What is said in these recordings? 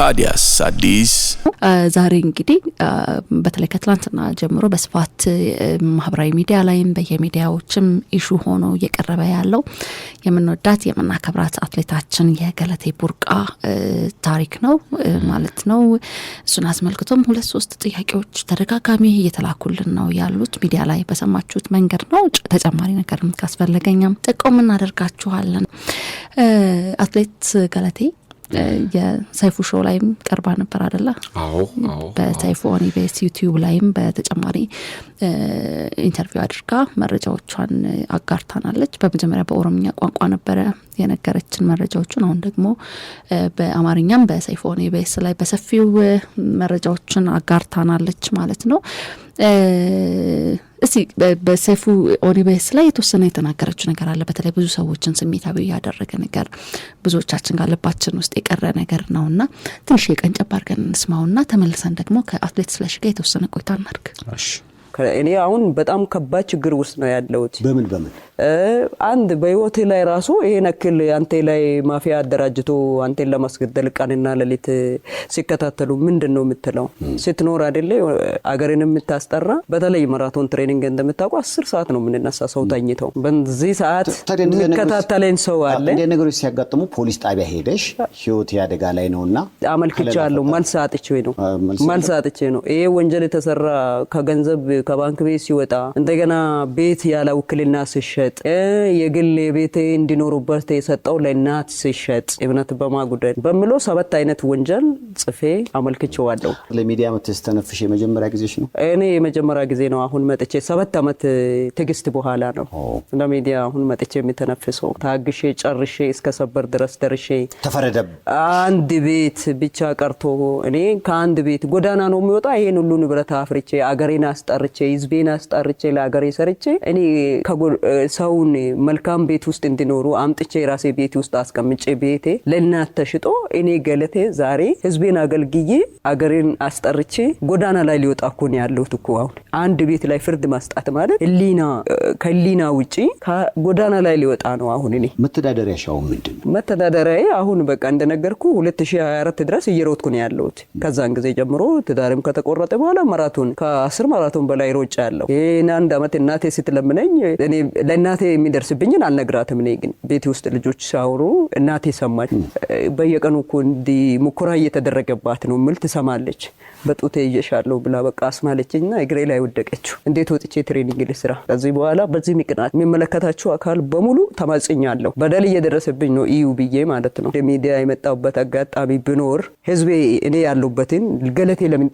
ታዲያስ አዲስ ዛሬ እንግዲህ በተለይ ከትላንትና ጀምሮ በስፋት ማህበራዊ ሚዲያ ላይም በየሚዲያዎችም ኢሹ ሆኖ እየቀረበ ያለው የምንወዳት የምናከብራት አትሌታችን የገለቴ ቡርቃ ታሪክ ነው ማለት ነው። እሱን አስመልክቶም ሁለት ሶስት ጥያቄዎች ተደጋጋሚ እየተላኩልን ነው ያሉት። ሚዲያ ላይ በሰማችሁት መንገድ ነው። ተጨማሪ ነገር ካስፈለገኛም ጥቆም እናደርጋችኋለን። አትሌት ገለቴ የሰይፉ ሾው ላይም ቀርባ ነበር አደላ? አዎ፣ በሰይፉ ኦን ኢቢኤስ ዩቲዩብ ላይም በተጨማሪ ኢንተርቪው አድርጋ መረጃዎቿን አጋርታናለች። በመጀመሪያ በኦሮምኛ ቋንቋ ነበረ የነገረችን መረጃዎችን አሁን ደግሞ በአማርኛም በሰይፎን ኢቢኤስ ላይ በሰፊው መረጃዎችን አጋርታናለች ማለት ነው። እስቲ በሰይፉ ኦኒቤስ ላይ የተወሰነ የተናገረችው ነገር አለ። በተለይ ብዙ ሰዎችን ስሜታዊ ያደረገ ነገር ብዙዎቻችን ጋለባችን ውስጥ የቀረ ነገር ነው እና ትንሽ የቀን ጨባ እንስማው እንስማውና ተመልሰን ደግሞ ከአትሌት ስለሺ ጋር የተወሰነ ቆይታ እናድርግ። እኔ አሁን በጣም ከባድ ችግር ውስጥ ነው ያለሁት። በምን በምን አንድ በህይወቴ ላይ ራሱ ይሄን ያክል አንቴ ላይ ማፊያ አደራጅቶ አንቴን ለማስገደል ቀንና ሌሊት ሲከታተሉ ምንድን ነው የምትለው? ስትኖር አደለ አገርን የምታስጠራ። በተለይ ማራቶን ትሬኒንግ እንደምታውቁ አስር ሰዓት ነው የምንነሳ ሰው ተኝተው። በዚህ ሰዓት የሚከታተለኝ ሰው አለ። እንደ ነገሮች ሲያጋጥሙ ፖሊስ ጣቢያ ሄደሽ ህይወት አደጋ ላይ ነውና አመልክቻለሁ። መልስ አጥቼ ነው መልስ አጥቼ ነው ይሄ ወንጀል የተሰራ ከገንዘብ ከባንክ ቤት ሲወጣ እንደገና ቤት ያለ ውክልና ስሸ ሲሸጥ የግል ቤቴ እንዲኖሩበት የሰጠው ለእናት ሲሸጥ እምነት በማጉደል በምሎ ሰባት አይነት ወንጀል ጽፌ አመልክቼዋለሁ። ለሚዲያ ስተነፍሽ የመጀመሪያ ጊዜሽ ነው? እኔ የመጀመሪያ ጊዜ ነው። አሁን መጥቼ ሰባት ዓመት ትግስት በኋላ ነው ለሚዲያ አሁን መጥቼ የሚተነፍሰው። ታግሼ ጨርሼ እስከ ሰበር ድረስ ደርሼ ተፈረደ። አንድ ቤት ብቻ ቀርቶ እኔ ከአንድ ቤት ጎዳና ነው የሚወጣ። ይሄን ሁሉ ንብረት አፍርቼ አገሬን አስጠርቼ ህዝቤን አስጠርቼ ለአገሬ ሰርቼ እኔ ሰውን መልካም ቤት ውስጥ እንዲኖሩ አምጥቼ የራሴ ቤት ውስጥ አስቀምጬ ቤቴ ለእናት ተሽጦ እኔ ገለቴ ዛሬ ህዝቤን አገልግዬ አገሬን አስጠርቼ ጎዳና ላይ ሊወጣ እኮ ነው ያለሁት እኮ አሁን አንድ ቤት ላይ ፍርድ ማስጣት ማለት ህሊና ከህሊና ውጪ ከጎዳና ላይ ሊወጣ ነው አሁን እኔ መተዳደሪያ ሻው ምንድን ነው መተዳደሪያ አሁን በቃ እንደነገርኩ 2024 ድረስ እየሮጥኩ ነው ያለሁት ከዛን ጊዜ ጀምሮ ትዳርም ከተቆረጠ በኋላ ማራቶን ከአስር ማራቶን በላይ ሮጫ ያለው ይህን አንድ አመት እናቴ ስትለምነኝ ለእና እናቴ የሚደርስብኝን አልነግራትም። እኔ ግን ቤቴ ውስጥ ልጆች ሳወሩ እናቴ ሰማች። በየቀኑ እኮ እንዲ ሙኩራ እየተደረገባት ነው ምል ትሰማለች። በጡቴ ይዤሻለሁ ብላ በቃ ና እግሬ ላይ ወደቀችው። እንዴት ወጥቼ ትሬኒንግ ልስራ? ከዚህ በኋላ በዚህ ምቅናት የሚመለከታችሁ አካል በሙሉ ተማጽኛለሁ። በደል እየደረሰብኝ ነው ኢዩ ብዬ ማለት ነው። ሚዲያ የመጣሁበት አጋጣሚ ብኖር ህዝቤ እኔ ያለሁበትን ገለቴ ለምን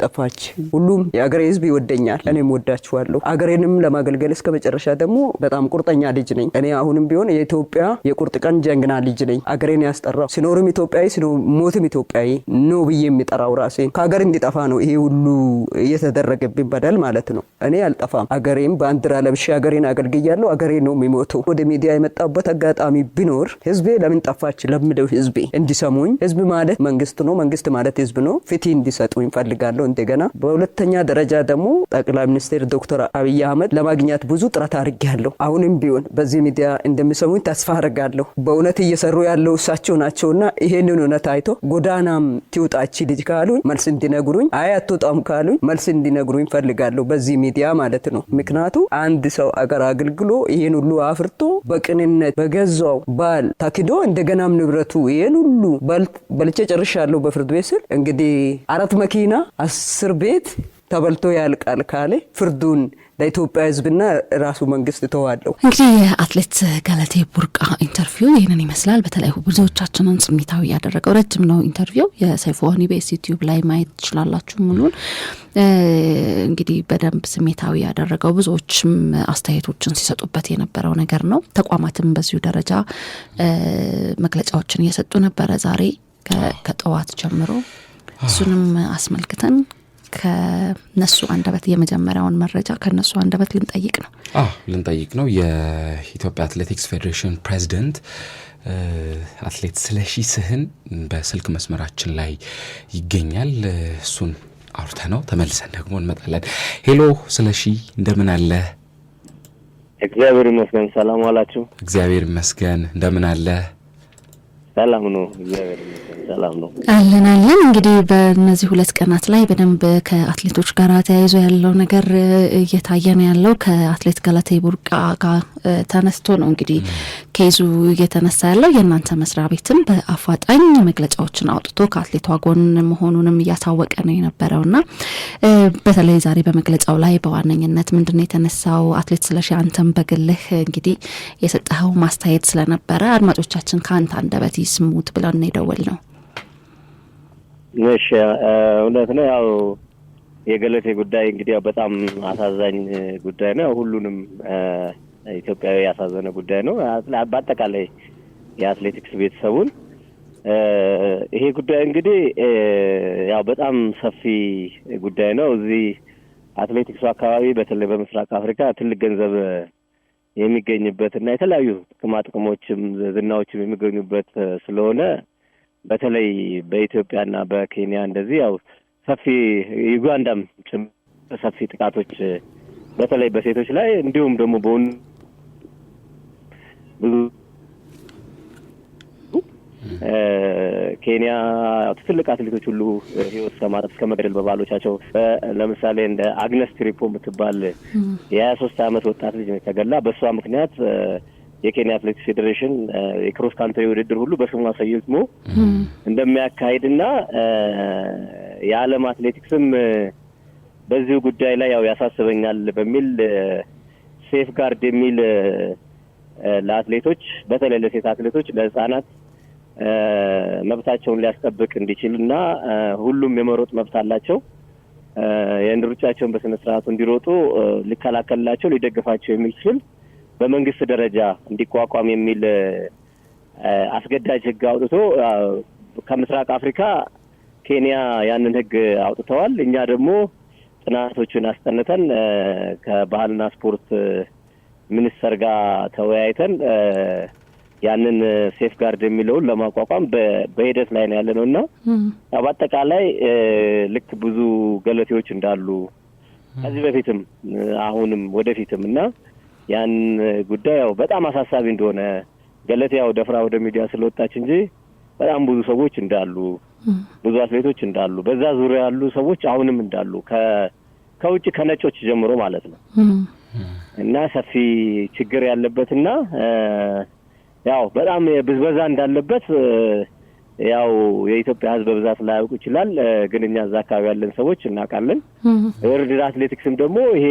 ሁሉም የአገሬ ህዝብ ይወደኛል፣ እኔም ወዳችኋለሁ። አገሬንም ለማገልገል እስከ መጨረሻ ደግሞ በጣም ቁርጠ ቁርጠኛ ልጅ ነኝ። እኔ አሁንም ቢሆን የኢትዮጵያ የቁርጥ ቀን ጀግና ልጅ ነኝ። አገሬን ያስጠራው ሲኖርም ኢትዮጵያዊ ሲሞትም ኢትዮጵያዊ ኖ ብዬ የሚጠራው ራሴ ከሀገር እንዲጠፋ ነው ይሄ ሁሉ እየተደረገብኝ በደል ማለት ነው። እኔ አልጠፋም። አገሬም ባንዲራ ለብሼ አገሬን አገልግያለሁ። አገሬ ነው የሚሞተው። ወደ ሚዲያ የመጣበት አጋጣሚ ቢኖር ህዝቤ ለምን ጠፋች ለምደው ህዝቤ እንዲሰሙኝ፣ ህዝብ ማለት መንግስት ነው፣ መንግስት ማለት ህዝብ ነው፣ ፍትህ እንዲሰጡኝ ፈልጋለሁ። እንደገና በሁለተኛ ደረጃ ደግሞ ጠቅላይ ሚኒስትር ዶክተር አብይ አህመድ ለማግኘት ብዙ ጥረት አድርጌያለሁ። አሁንም ቢሆን በዚህ ሚዲያ እንደሚሰሙኝ ተስፋ አድርጋለሁ። በእውነት እየሰሩ ያለው እሳቸው ናቸውና ይሄንን እውነት አይቶ ጎዳናም ትውጣች ልጅ ካሉኝ መልስ እንዲነግሩኝ፣ አይ አትወጣም ካሉኝ መልስ እንዲነግሩኝ ፈልጋለሁ። በዚህ ሚዲያ ማለት ነው። ምክንያቱ አንድ ሰው አገር አገልግሎ ይሄን ሁሉ አፍርቶ በቅንነት በገዛው ባል ታክዶ እንደገናም ንብረቱ ይሄን ሁሉ በልቼ ጨርሻለሁ በፍርድ ቤት ስል እንግዲህ አራት መኪና አስር ቤት ተበልቶ ያልቃል ካለ ፍርዱን ለኢትዮጵያ ህዝብና ራሱ መንግስት ተዋለው። እንግዲህ የአትሌት ገለቴ ቡርቃ ኢንተርቪው ይህንን ይመስላል። በተለይ ብዙዎቻችንን ስሜታዊ ያደረገው ረጅም ነው ኢንተርቪው። የሰይፉ ሆኒ ቤስ ዩቲዩብ ላይ ማየት ትችላላችሁ። ሙሉን እንግዲህ በደንብ ስሜታዊ ያደረገው ብዙዎችም አስተያየቶችን ሲሰጡበት የነበረው ነገር ነው። ተቋማትም በዚሁ ደረጃ መግለጫዎችን እየሰጡ ነበረ ዛሬ ከጠዋት ጀምሮ እሱንም አስመልክተን ከነሱ አንደበት የመጀመሪያውን መረጃ ከነሱ አንደበት ልንጠይቅ ነው። ልንጠይቅ ነው። የኢትዮጵያ አትሌቲክስ ፌዴሬሽን ፕሬዚደንት አትሌት ስለሺ ስህን በስልክ መስመራችን ላይ ይገኛል። እሱን አውርተ ነው ተመልሰን ደግሞ እንመጣለን። ሄሎ ስለሺ እንደምን አለ? እግዚአብሔር ይመስገን። ሰላም አላችሁ እግዚአብሔር ይመስገን። እንደምን አለ? ሰላም ነው፣ እግዚአብሔር ሰላም ነው አለን አለን። እንግዲህ በእነዚህ ሁለት ቀናት ላይ በደንብ ከአትሌቶች ጋር ተያይዞ ያለው ነገር እየታየ ነው ያለው። ከአትሌት ገለቴ ቡርቃ ጋር ተነስቶ ነው እንግዲህ ኬዙ እየተነሳ ያለው። የእናንተ መስሪያ ቤትም በአፋጣኝ መግለጫዎችን አውጥቶ ከአትሌቷ ጎን መሆኑንም እያሳወቀ ነው የነበረው በተለይ ዛሬ በመግለጫው ላይ በዋነኝነት ምንድን ነው የተነሳው? አትሌት ስለሺ አንተም በግልህ እንግዲህ የሰጠኸው ማስተያየት ስለነበረ አድማጮቻችን ከአንተ አንደበት ይስሙት ብለን የደወል ነው። እሺ እውነት ነው። ያው የገለቴ ጉዳይ እንግዲህ ያው በጣም አሳዛኝ ጉዳይ ነው። ሁሉንም ኢትዮጵያዊ ያሳዘነ ጉዳይ ነው። በአጠቃላይ የአትሌቲክስ ቤተሰቡን ይሄ ጉዳይ እንግዲህ ያው በጣም ሰፊ ጉዳይ ነው። እዚህ አትሌቲክሱ አካባቢ በተለይ በምስራቅ አፍሪካ ትልቅ ገንዘብ የሚገኝበት እና የተለያዩ ጥቅማ ጥቅሞችም ዝናዎችም የሚገኙበት ስለሆነ በተለይ በኢትዮጵያና በኬንያ እንደዚህ ያው ሰፊ ዩጋንዳም ሰፊ ጥቃቶች በተለይ በሴቶች ላይ እንዲሁም ደግሞ በወንዶች ኬንያ ትልቅ አትሌቶች ሁሉ ህይወት ከማጣት እስከ መገደል በባሎቻቸው ለምሳሌ እንደ አግነስ ትሪፖ የምትባል የሀያ ሶስት አመት ወጣት ልጅ ነው የተገላ። በእሷ ምክንያት የኬንያ አትሌቲክስ ፌዴሬሽን የክሮስ ካንትሪ ውድድር ሁሉ በስሟ ሰይሞ እንደሚያካሂድና የዓለም አትሌቲክስም በዚሁ ጉዳይ ላይ ያው ያሳስበኛል በሚል ሴፍ ጋርድ የሚል ለአትሌቶች በተለይ ለሴት አትሌቶች፣ ለህጻናት መብታቸውን ሊያስጠብቅ እንዲችል እና ሁሉም የመሮጥ መብት አላቸው። የሩጫቸውን በስነ ስርአቱ እንዲሮጡ ሊከላከልላቸው፣ ሊደግፋቸው የሚል ስል በመንግስት ደረጃ እንዲቋቋም የሚል አስገዳጅ ህግ አውጥቶ ከምስራቅ አፍሪካ ኬንያ ያንን ህግ አውጥተዋል። እኛ ደግሞ ጥናቶችን አስጠንተን ከባህልና ስፖርት ሚኒስቴር ጋር ተወያይተን ያንን ሴፍ ጋርድ የሚለውን ለማቋቋም በሂደት ላይ ነው ያለ ነው እና በአጠቃላይ ልክ ብዙ ገለቴዎች እንዳሉ ከዚህ በፊትም አሁንም ወደፊትም እና ያን ጉዳይ ያው በጣም አሳሳቢ እንደሆነ ገለቴ ያው ደፍራ ወደ ሚዲያ ስለወጣች እንጂ በጣም ብዙ ሰዎች እንዳሉ ብዙ አትሌቶች እንዳሉ በዛ ዙሪያ ያሉ ሰዎች አሁንም እንዳሉ ከውጭ ከነጮች ጀምሮ ማለት ነው እና ሰፊ ችግር ያለበትና ያው በጣም ብዝበዛ እንዳለበት ያው የኢትዮጵያ ሕዝብ በብዛት ላያውቁ ይችላል። ግን እኛ እዛ አካባቢ ያለን ሰዎች እናውቃለን። ወርልድ አትሌቲክስም ደግሞ ይሄ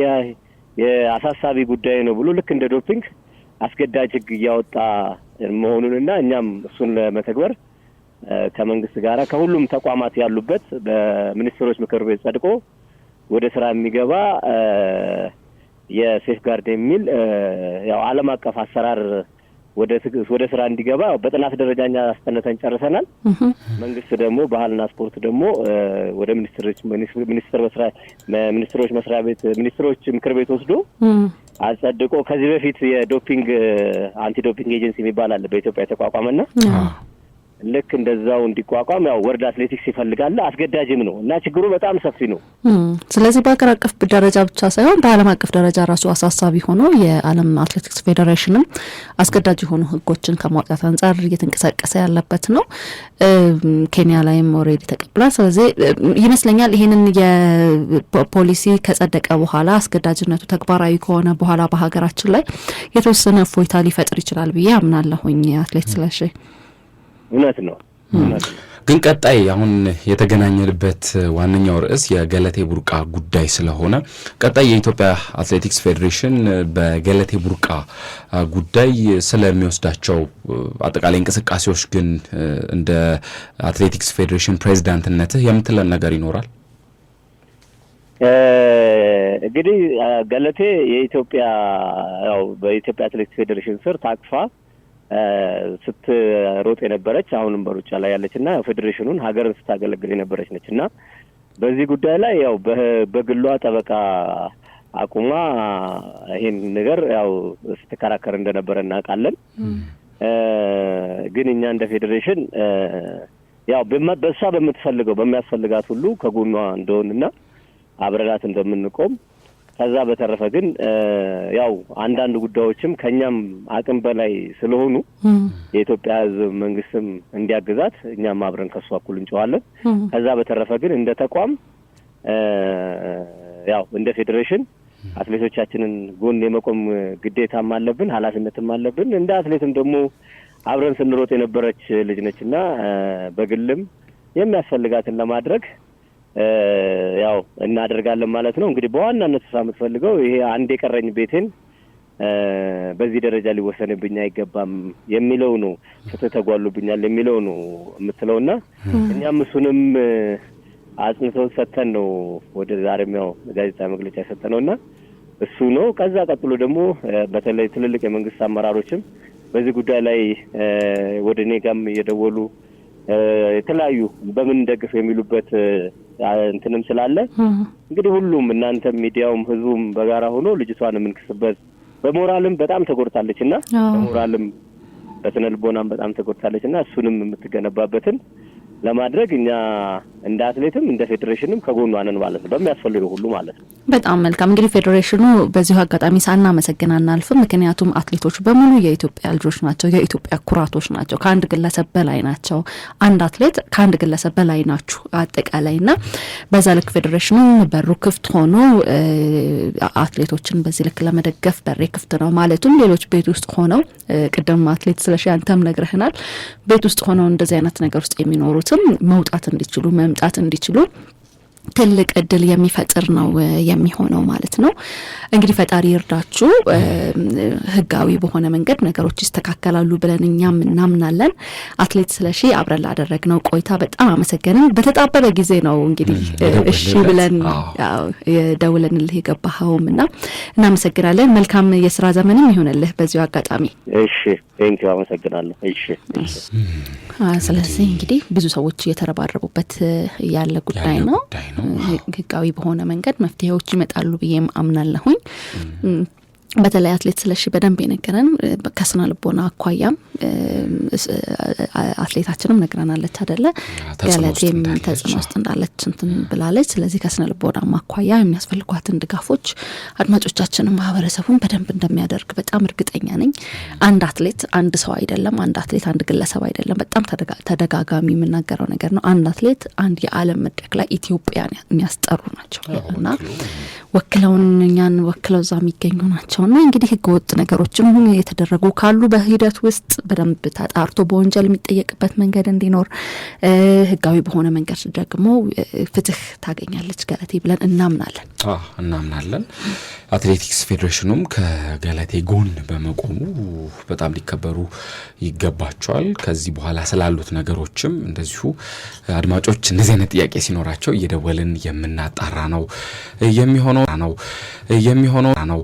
የአሳሳቢ ጉዳይ ነው ብሎ ልክ እንደ ዶፒንግ አስገዳጅ ሕግ እያወጣ መሆኑንና እኛም እሱን ለመተግበር ከመንግስት ጋር ከሁሉም ተቋማት ያሉበት በሚኒስትሮች ምክር ቤት ጸድቆ ወደ ስራ የሚገባ የሴፍ ጋርድ የሚል ያው ዓለም አቀፍ አሰራር ወደ ወደ ስራ እንዲገባ በጥናት ደረጃ እኛ ጨርሰናል። መንግስት ደግሞ ባህልና ስፖርት ደግሞ ወደ ሚኒስትሮች ሚኒስትር መስሪያ ሚኒስትሮች መስሪያ ቤት ሚኒስትሮች ምክር ቤት ወስዶ አጸድቆ ከዚህ በፊት የዶፒንግ አንቲ ዶፒንግ ኤጀንሲ የሚባል አለ በኢትዮጵያ የተቋቋመና ልክ እንደዛው እንዲቋቋም ያው ወርድ አትሌቲክስ ይፈልጋል። አስገዳጅም ነው እና ችግሩ በጣም ሰፊ ነው። ስለዚህ በሀገር አቀፍ ደረጃ ብቻ ሳይሆን በዓለም አቀፍ ደረጃ ራሱ አሳሳቢ ሆኖ የዓለም አትሌቲክስ ፌዴሬሽንም አስገዳጅ የሆኑ ሕጎችን ከማውጣት አንጻር እየተንቀሳቀሰ ያለበት ነው። ኬንያ ላይም ኦልሬዲ ተቀብሏል። ስለዚህ ይመስለኛል ይህንን የፖሊሲ ከጸደቀ በኋላ አስገዳጅነቱ ተግባራዊ ከሆነ በኋላ በሀገራችን ላይ የተወሰነ እፎይታ ሊፈጥር ይችላል ብዬ አምናለሁኝ። አትሌት ስለሺ እውነት ነው። ግን ቀጣይ አሁን የተገናኘንበት ዋነኛው ርዕስ የገለቴ ቡርቃ ጉዳይ ስለሆነ ቀጣይ የኢትዮጵያ አትሌቲክስ ፌዴሬሽን በገለቴ ቡርቃ ጉዳይ ስለሚወስዳቸው አጠቃላይ እንቅስቃሴዎች ግን እንደ አትሌቲክስ ፌዴሬሽን ፕሬዚዳንትነትህ የምትለን ነገር ይኖራል? እንግዲህ ገለቴ የኢትዮጵያ ያው በኢትዮጵያ አትሌቲክስ ፌዴሬሽን ስር ታቅፋ ስትሮጥ የነበረች አሁንም በሩጫ ላይ ያለች እና ፌዴሬሽኑን ሀገርን ስታገለግል የነበረች ነች እና በዚህ ጉዳይ ላይ ያው በግሏ ጠበቃ አቁማ ይሄን ነገር ያው ስትከራከር እንደነበረ እናውቃለን። ግን እኛ እንደ ፌዴሬሽን ያው በእሷ በምትፈልገው በሚያስፈልጋት ሁሉ ከጎኗ እንደሆንና አብረናት እንደምንቆም ከዛ በተረፈ ግን ያው አንዳንድ ጉዳዮችም ከእኛም አቅም በላይ ስለሆኑ የኢትዮጵያ ሕዝብ መንግስትም እንዲያግዛት እኛም አብረን ከሱ አኩል እንጨዋለን። ከዛ በተረፈ ግን እንደ ተቋም ያው እንደ ፌዴሬሽን አትሌቶቻችንን ጎን የመቆም ግዴታም አለብን፣ ኃላፊነትም አለብን። እንደ አትሌትም ደግሞ አብረን ስንሮጥ የነበረች ልጅ ነች እና በግልም የሚያስፈልጋትን ለማድረግ ያው እናደርጋለን ማለት ነው። እንግዲህ በዋናነት ሳ የምትፈልገው ይሄ አንድ የቀረኝ ቤቴን በዚህ ደረጃ ሊወሰንብኝ አይገባም የሚለው ነው። ፍትህ ተጓሉብኛል የሚለው ነው የምትለውና እኛም እሱንም አጽንተው ሰተን ነው ወደ ዛሬም ያው ጋዜጣ መግለጫ የሰጠነውና እሱ ነው። ከዛ ቀጥሎ ደግሞ በተለይ ትልልቅ የመንግስት አመራሮችም በዚህ ጉዳይ ላይ ወደ እኔ ጋም እየደወሉ የተለያዩ በምን ደግፍ የሚሉበት እንትንም ስላለ እንግዲህ ሁሉም እናንተም ሚዲያውም ህዝቡም በጋራ ሆኖ ልጅቷን የምንክስበት በሞራልም በጣም ተጎድታለች እና በሞራልም በስነ ልቦናም በጣም ተጎድታለች እና እሱንም የምትገነባበትን ለማድረግ እኛ እንደ አትሌትም እንደ ፌዴሬሽንም ከጎኗ ነን ማለት ነው፣ በሚያስፈልገው ሁሉ ማለት ነው። በጣም መልካም እንግዲህ ፌዴሬሽኑ በዚሁ አጋጣሚ ሳናመሰግን አናልፍም። ምክንያቱም አትሌቶች በሙሉ የኢትዮጵያ ልጆች ናቸው፣ የኢትዮጵያ ኩራቶች ናቸው፣ ከአንድ ግለሰብ በላይ ናቸው። አንድ አትሌት ከአንድ ግለሰብ በላይ ናችሁ አጠቃላይ እና በዛ ልክ ፌዴሬሽኑ በሩ ክፍት ሆኖ አትሌቶችን በዚህ ልክ ለመደገፍ በሬ ክፍት ነው ማለቱም ሌሎች ቤት ውስጥ ሆነው ቅድም አትሌት ስለሺ አንተም ነግረህናል፣ ቤት ውስጥ ሆነው እንደዚህ አይነት ነገር ውስጥ የሚኖሩትም መውጣት እንዲችሉ መምጣት እንዲችሉ ትልቅ እድል የሚፈጥር ነው የሚሆነው ማለት ነው። እንግዲህ ፈጣሪ እርዳችሁ ህጋዊ በሆነ መንገድ ነገሮች ይስተካከላሉ ብለን እኛም እናምናለን። አትሌት ስለሺ አብረን ላደረግነው ቆይታ በጣም አመሰገንን። በተጣበበ ጊዜ ነው እንግዲህ እሺ ብለን ደውለንልህ የገባኸውም እና እናመሰግናለን። መልካም የስራ ዘመንም ይሆንልህ በዚሁ አጋጣሚ። እሺ ቴንኪው፣ አመሰግናለሁ። እሺ ስለዚህ እንግዲህ ብዙ ሰዎች እየተረባረቡበት ያለ ጉዳይ ነው። ነው ህጋዊ በሆነ መንገድ መፍትሄዎች ይመጣሉ ብዬም አምናለሁኝ። በተለይ አትሌት ስለሺ በደንብ የነገረን ከስነ ልቦና አኳያም አትሌታችንም ነግረናለች አደለ፣ ገለቴም ተጽዕኖ ውስጥ እንዳለች እንትን ብላለች። ስለዚህ ከስነ ልቦና አኳያ የሚያስፈልጓትን ድጋፎች አድማጮቻችንም ማህበረሰቡን በደንብ እንደሚያደርግ በጣም እርግጠኛ ነኝ። አንድ አትሌት አንድ ሰው አይደለም፣ አንድ አትሌት አንድ ግለሰብ አይደለም። በጣም ተደጋጋሚ የምናገረው ነገር ነው። አንድ አትሌት አንድ የአለም መድረክ ላይ ኢትዮጵያን የሚያስጠሩ ናቸው እና ወክለውን እኛን ወክለው እዛ የሚገኙ ናቸው ነውና እንግዲህ ህገወጥ ነገሮችም ሁሉ የተደረጉ ካሉ በሂደት ውስጥ በደንብ ተጣርቶ በወንጀል የሚጠየቅበት መንገድ እንዲኖር ህጋዊ በሆነ መንገድ ደግሞ ፍትህ ታገኛለች ገለቴ ብለን እናምናለን እናምናለን። አትሌቲክስ ፌዴሬሽኑም ከገለቴ ጎን በመቆሙ በጣም ሊከበሩ ይገባቸዋል። ከዚህ በኋላ ስላሉት ነገሮችም እንደዚሁ አድማጮች እንደዚህ አይነት ጥያቄ ሲኖራቸው እየደወልን የምናጣራ ነው የሚሆነው ነው የሚሆነው ነው